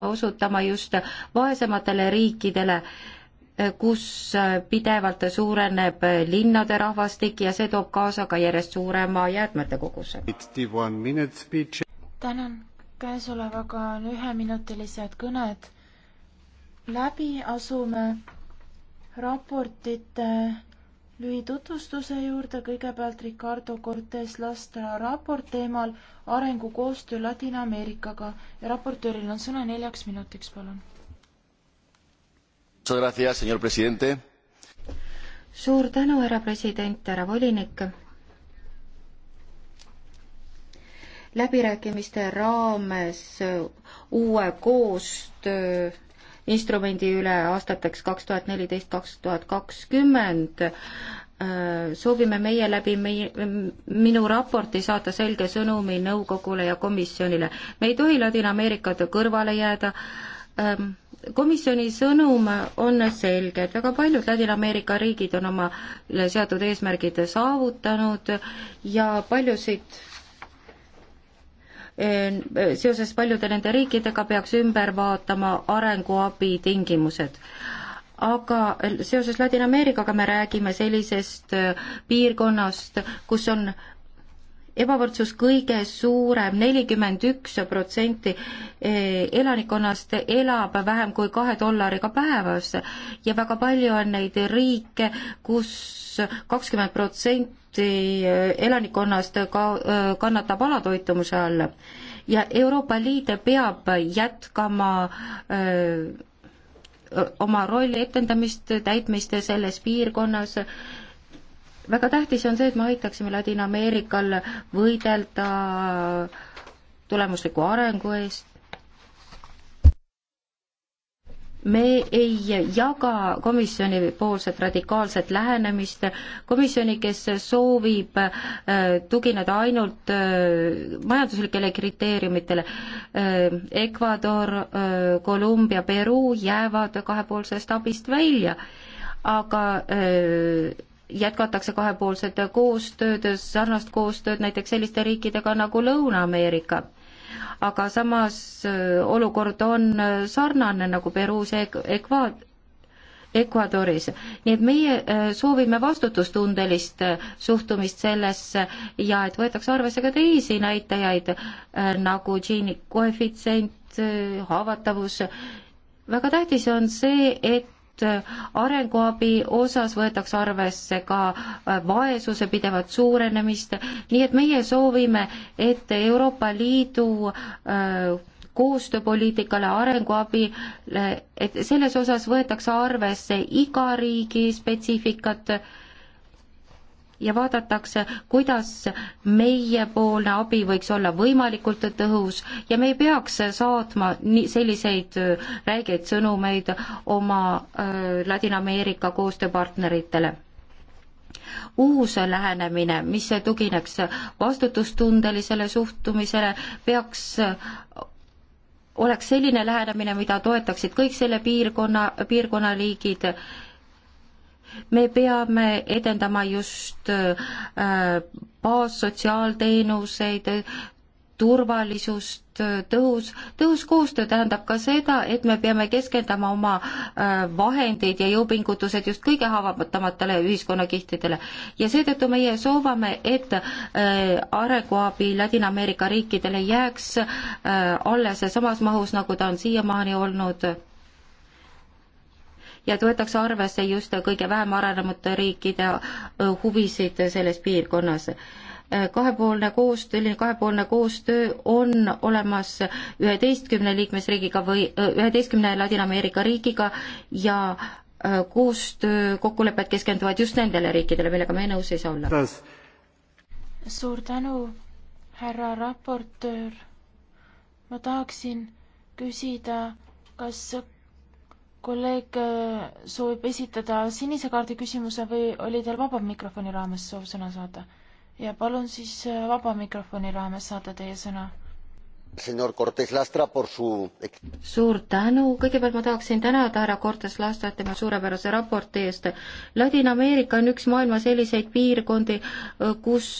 osutama just vaesematele riikidele, kus pidevalt suureneb linnade rahvastik ja see toob kaasa ka järjest suurema jäätmete koguse. tänan, käesolevaga on üheminutilised kõned läbi, asume raportite lühitutvustuse juurde kõigepealt Ricardo Cortes Lastra raport teemal arengukoostöö Ladina-Ameerikaga ja raportööril on sõna neljaks minutiks, palun. suur tänu, härra president, härra volinik. läbirääkimiste raames uue koostöö instrumendi üle aastateks kaks tuhat neliteist, kaks tuhat kakskümmend. soovime meie läbi meie, minu raporti saata selge sõnumi nõukogule ja komisjonile. me ei tohi Ladina-Ameerikat kõrvale jääda ähm, komisjoni sõnum on selge, et väga paljud Ladina-Ameerika riigid on omale seatud eesmärgid saavutanud ja paljusid seoses paljude nende riikidega peaks ümber vaatama arenguabi tingimused aga seoses Ladina-Ameerikaga me räägime sellisest piirkonnast, kus on ebavõrdsus kõige suurem, nelikümmend üks protsenti eh, elanikkonnast elab vähem kui kahe dollariga päevas ja väga palju on neid riike kus, kus kakskümmend protsenti eh, elanikkonnast ka-, eh, kannatab alatoitumuse all. ja Euroopa Liit peab jätkama öö, oma rolli etendamist, täitmist selles piirkonnas väga tähtis on see, et me aitaksime Ladina-Ameerikal võidelda tulemusliku arengu eest. me ei jaga komisjoni poolset radikaalset lähenemist, komisjoni, kes soovib äh, tugineda ainult äh, majanduslikele kriteeriumitele. Äh, Ecuador, Kolumbia, Peru jäävad kahepoolsest abist välja, aga öö, jätkatakse kahepoolset koostööd, sarnast koostööd näiteks selliste riikidega nagu Lõuna-Ameerika. aga samas äh, olukord on äh, sarnane nagu Peruus ja Ekvaad-, Ecuadoris. nii et meie äh, soovime vastutustundelist suhtumist sellesse ja et võetakse arvesse ka teisi näitajaid nagu Gini koefitsient, haavatavus. väga tähtis on see, et et äh, arenguabi osas võetakse arvesse ka äh, vaesuse pidevat suurenemist, nii et meie soovime, et Euroopa Liidu äh, koostööpoliitikale, arenguabile, et selles osas võetakse arvesse iga riigi spetsiifikat ja vaadatakse, kuidas meiepoolne abi võiks olla võimalikult tõhus ja me ei peaks saatma nii selliseid äh, räigeid sõnumeid oma äh, Ladina-Ameerika koostööpartneritele uus lähenemine, mis tugineks vastutustundelisele suhtumisele, peaks äh, oleks selline lähenemine, mida toetaksid kõik selle piirkonna, piirkonnaliigid me peame edendama just äh, baassotsiaalteenuseid, turvalisust, äh, tõhus, tõhus koostöö tähendab ka seda, et me peame keskendama oma äh, vahendeid ja jõupingutused just kõige haavatamatele ühiskonnakihtidele. ja seetõttu meie soovame, et arenguabi Ladina-Ameerika riikidele jääks alles samas mahus, nagu ta on siiamaani olnud ja võetakse arvesse just kõige vähem arenevate riikide äh, huvisid selles piirkonnas äh, kahepoolne koostöö, selline kahepoolne koostöö on olemas üheteistkümne liikmesriigiga või äh, üheteistkümne Ladina-Ameerika riigiga ja koostöökokkulepped keskenduvad just nendele riikidele, millega me nõus ei saa olla. suur tänu, härra raportöör. ma tahaksin küsida, kas kolleeg äh, soovib esitada sinise kaardi küsimuse või oli teil vaba mikrofoni raames soov sõna saada? ja palun siis äh, vaba mikrofoni raames saada teie sõna. Su... suur tänu, kõigepealt ma tahaksin tänada härra Cortes Lastrat tema suurepärase raporti eest. Ladina-Ameerika on üks maailma selliseid piirkondi, äh, kus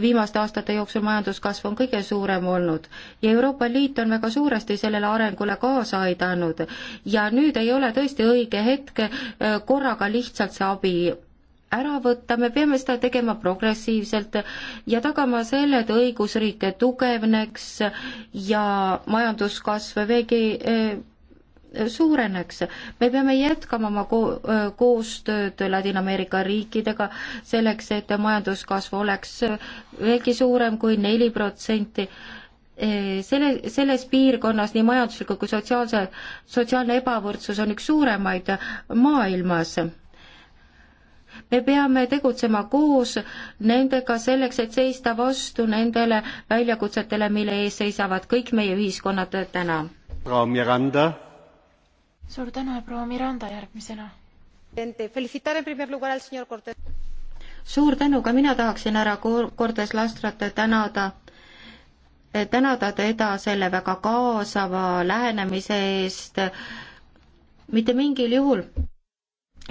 viimaste aastate jooksul majanduskasv on kõige suurem olnud ja Euroopa Liit on väga suuresti sellele arengule kaasa aidanud ja nüüd ei ole tõesti õige hetk äh, korraga lihtsalt see abi ära võtta, me peame seda tegema progressiivselt ja tagama selle, et õigusriik tugevneks ja majanduskasv veelgi äh, suureneks. me peame jätkama oma ko-, äh, koostööd Ladina-Ameerika riikidega selleks, et majanduskasv oleks äh, veelgi suurem kui neli protsenti. Äh, selle, selles piirkonnas nii majandusliku kui sotsiaalse, sotsiaalne ebavõrdsus on üks suuremaid maailmas me peame tegutsema koos nendega selleks, et seista vastu nendele väljakutsetele, mille ees seisavad kõik meie ühiskonnad täna. Frau Miranda suur tänu ja proua Miranda järgmisena. suur tänu, ka mina tahaksin härra Cortes Lastrat tänada eh, tänada teda selle väga kaasava lähenemise eest. mitte mingil juhul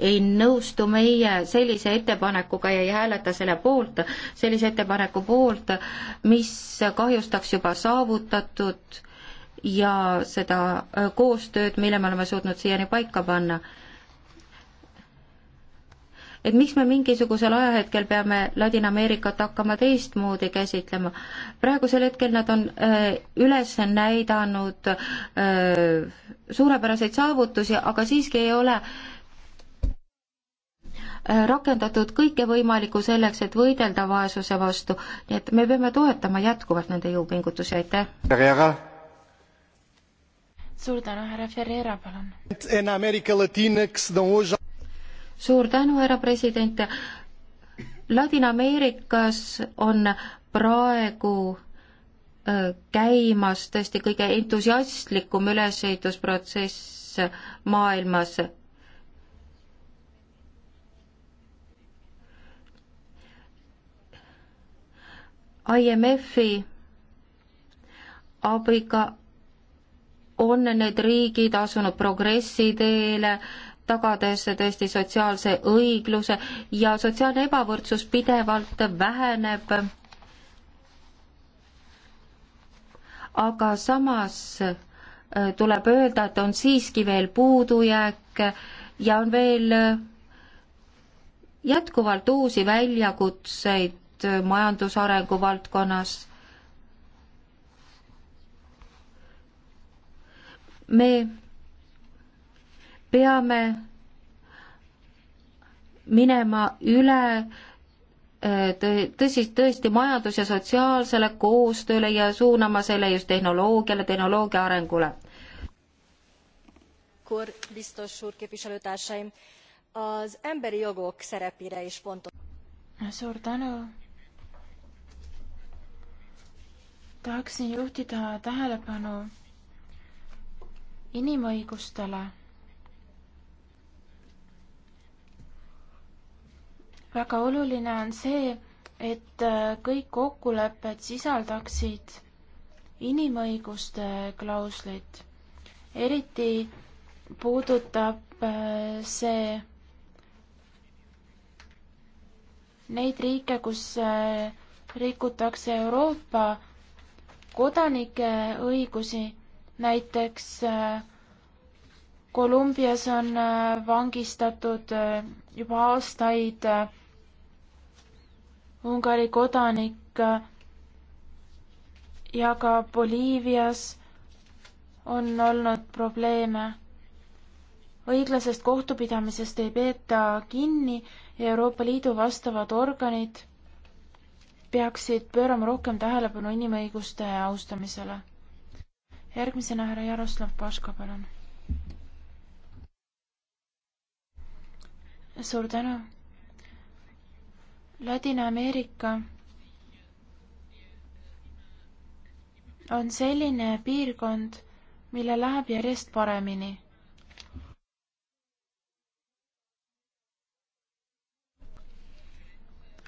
ei nõustu meie sellise ettepanekuga ja ei hääleta selle poolt, sellise ettepaneku poolt, mis kahjustaks juba saavutatud ja seda äh, koostööd, mille me oleme suutnud siiani paika panna. et miks me mingisugusel ajahetkel peame Ladina-Ameerikat hakkama teistmoodi käsitlema. praegusel hetkel nad on äh, üles näidanud äh, suurepäraseid saavutusi, aga siiski ei ole rakendatud kõike võimalikku selleks, et võidelda vaesuse vastu, nii et me peame toetama jätkuvalt nende jõupingutusi, aitäh! suur tänu, härra Ferreira, palun. suur tänu, härra president. Ladina-Ameerikas on praegu äh, käimas tõesti kõige entusiastlikum ülesehitusprotsess maailmas. IMF-i abiga on need riigid asunud progressi teele, tagades tõesti sotsiaalse õigluse ja sotsiaalne ebavõrdsus pidevalt väheneb. aga samas äh, tuleb öelda, et on siiski veel puudujääk ja on veel äh, jätkuvalt uusi väljakutseid äh, majandusarengu valdkonnas me peame minema üle äh, tõsi, tõesti majandus- ja sotsiaalsele koostööle ja suunama selle just tehnoloogiale, tehnoloogia arengule. Kor, biztos úr, képviselőtársaim, az emberi jogok szerepére is pontos. Suur tänu. tahaksin juhtida tähelepanu inimõigustele. väga oluline on see, et kõik kokkulepped sisaldaksid inimõiguste klauslit. eriti puudutab äh, see neid riike, kus äh, rikutakse Euroopa kodanike õigusi näiteks äh, Kolumbias on äh, vangistatud äh, juba aastaid Ungari kodanik ja ka Boliivias on olnud probleeme. õiglasest kohtupidamisest ei peeta kinni ja Euroopa Liidu vastavad organid peaksid pöörama rohkem tähelepanu inimõiguste austamisele järgmisena härra Jaroslav Paška, palun. suur tänu. Ladina-Ameerika on selline piirkond, millel läheb järjest paremini.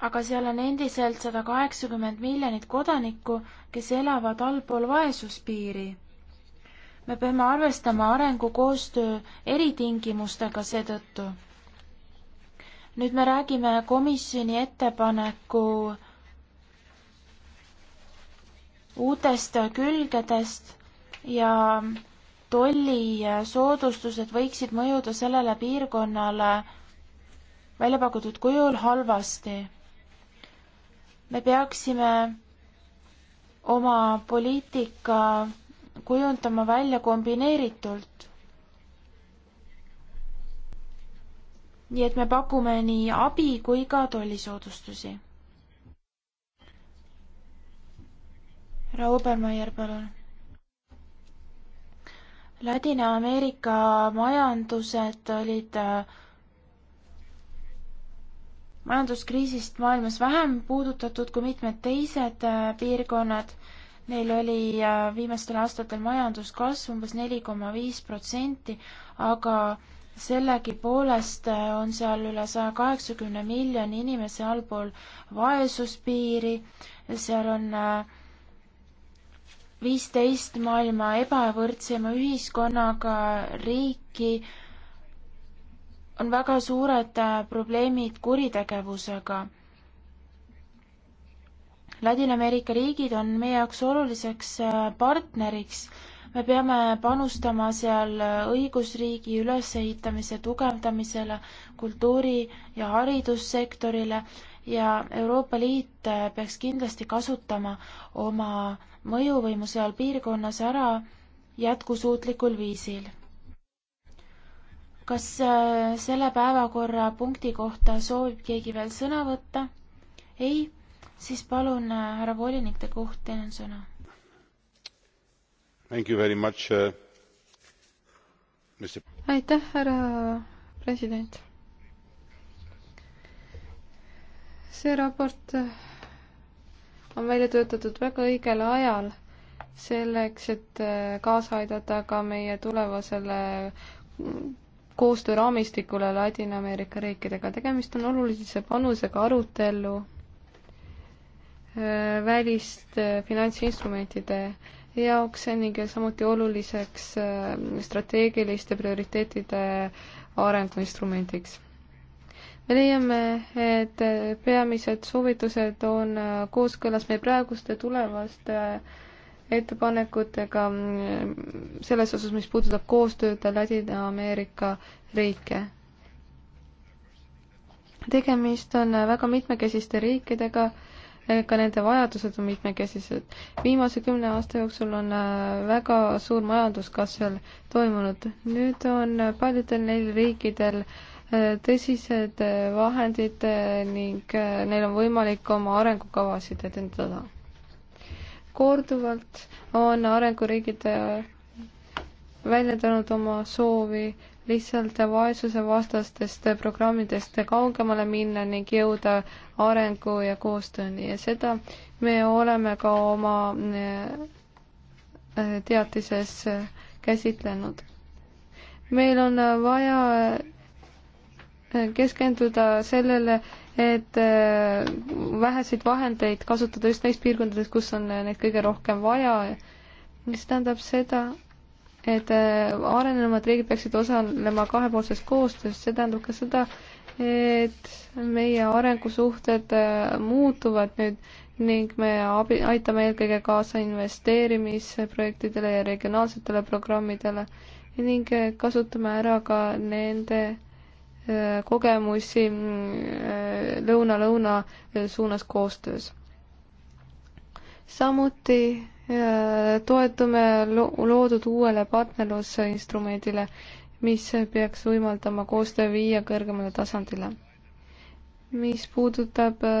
aga seal on endiselt sada kaheksakümmend miljonit kodanikku, kes elavad allpool vaesuspiiri me peame arvestama arengukoostöö eritingimustega seetõttu. nüüd me räägime komisjoni ettepaneku uutest külgedest ja tollisoodustused võiksid mõjuda sellele piirkonnale välja pakutud kujul halvasti. me peaksime oma poliitika kujundama välja kombineeritult. nii et me pakume nii abi kui ka tollisoodustusi. härra Obermeier, palun. Ladina-Ameerika majandused olid äh, majanduskriisist maailmas vähem puudutatud kui mitmed teised äh, piirkonnad Neil oli äh, viimastel aastatel majanduskasv umbes neli koma viis protsenti, aga sellegipoolest äh, on seal üle saja kaheksakümne miljoni inimese allpool vaesuspiiri, seal on äh, viisteist maailma ebavõrdsema ühiskonnaga riiki, on väga suured probleemid kuritegevusega Ladina-Ameerika riigid on meie jaoks oluliseks äh, partneriks. me peame panustama seal äh, õigusriigi ülesehitamise tugevdamisele, kultuuri ja haridussektorile ja Euroopa Liit äh, peaks kindlasti kasutama oma mõjuvõimu seal piirkonnas ära jätkusuutlikul viisil. kas selle päevakorrapunkti kohta soovib keegi veel sõna võtta? ei? siis palun, äh, härra volinik, te koht, teil on sõna. Uh, aitäh, härra president. see raport äh, on välja töötatud väga õigel ajal selleks, et kaasa aidata ka meie tulevasele mm, koostööraamistikule Ladina-Ameerika riikidega. tegemist on olulise panusega arutellu Äh, väliste äh, finantsinstrumentide jaoks ning samuti oluliseks äh, strateegiliste prioriteetide arenguinstrumendiks. me leiame, et peamised soovitused on kooskõlas meie praeguste tulevaste ettepanekutega mm, selles osas, mis puudutab koostööd Ladina-Ameerika riike. tegemist on väga mitmekesiste riikidega ka nende vajadused on mitmekesised. viimase kümne aasta jooksul on äh, väga suur majanduskasv toimunud. nüüd on paljudel neil riikidel äh, tõsised äh, vahendid ning neil on võimalik oma arengukavasid edendada. korduvalt on arenguriigid välja toonud oma soovi lihtsalt vaesusevastastest programmidest kaugemale minna ning jõuda arengu ja koostööni ja seda me oleme ka oma äh, teatises äh, käsitlenud. meil on vaja äh, keskenduda sellele, et väheseid vahendeid kasutada just neis piirkondades, kus on neid kõige rohkem vaja, mis tähendab seda, et äh, arenenud riigid peaksid osalema kahepoolses koostöös, see tähendab ka seda, et meie arengusuhted äh, muutuvad nüüd ning me abi, aitame eelkõige kaasa investeerimisprojektidele ja regionaalsetele programmidele ning äh, kasutame ära ka nende kogemusi mm, lõuna-lõuna suunas koostöös. samuti toetume loodud uuele partnerlusinstrumendile, mis peaks võimaldama koostöö viia kõrgemale tasandile. mis puudutab äh,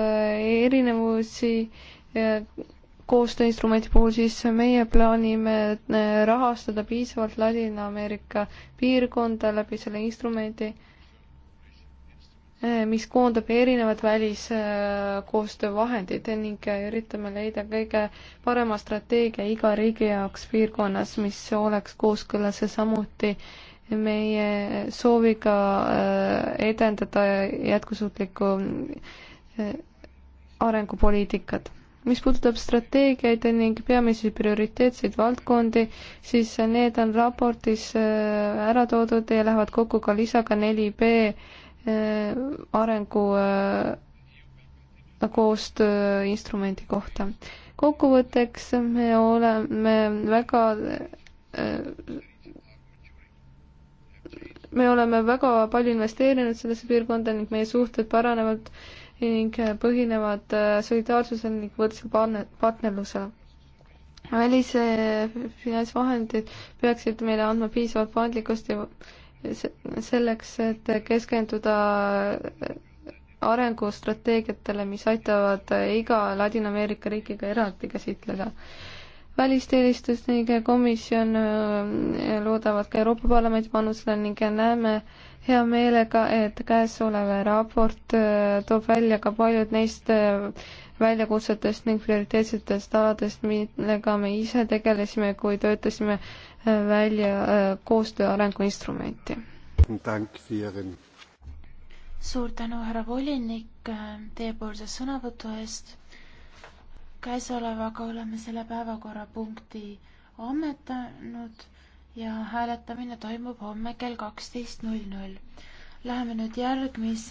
erinevusi äh, koostööinstrumendi puhul, siis meie plaanime äh, rahastada piisavalt Ladina-Ameerika piirkonda läbi selle instrumendi Eh, mis koondab erinevad väliskoostöövahendid ning üritame leida kõige parema strateegia iga riigi jaoks piirkonnas, mis oleks kooskõlas ja samuti meie sooviga eh, edendada jätkusuutlikku eh, arengupoliitikat. mis puudutab strateegiaid ning peamisi prioriteetseid valdkondi, siis need on raportis ära toodud ja lähevad kokku ka lisaga neli B Äh, arengu äh, koostöö instrumendi kohta. kokkuvõtteks me oleme väga äh, me oleme väga palju investeerinud sellesse piirkonda ning meie suhted paranevad ning põhinevad solidaarsusel ning võrdsel partnerlusel. välise finantsvahendid peaksid meile andma piisavalt paindlikkust ja selleks, et keskenduda arengustrateegiatele, mis aitavad iga Ladina-Ameerika riikiga eraldi käsitleda. välisteenistus ning komisjon äh, loodavad ka Euroopa Parlamendi panusele ning näeme, hea meelega, et käesolev raport äh, toob välja ka paljud neist äh, väljakutsetest ning prioriteetsetest aladest, millega me ise tegelesime, kui töötasime äh, välja koostöö arenguinstrumenti. suur tänu, härra volinik, teiepoolse sõnavõtu eest. käesolevaga oleme selle päevakorrapunkti ammetanud ja hääletamine toimub homme kell kaksteist null null. Läheme nüüd järgmise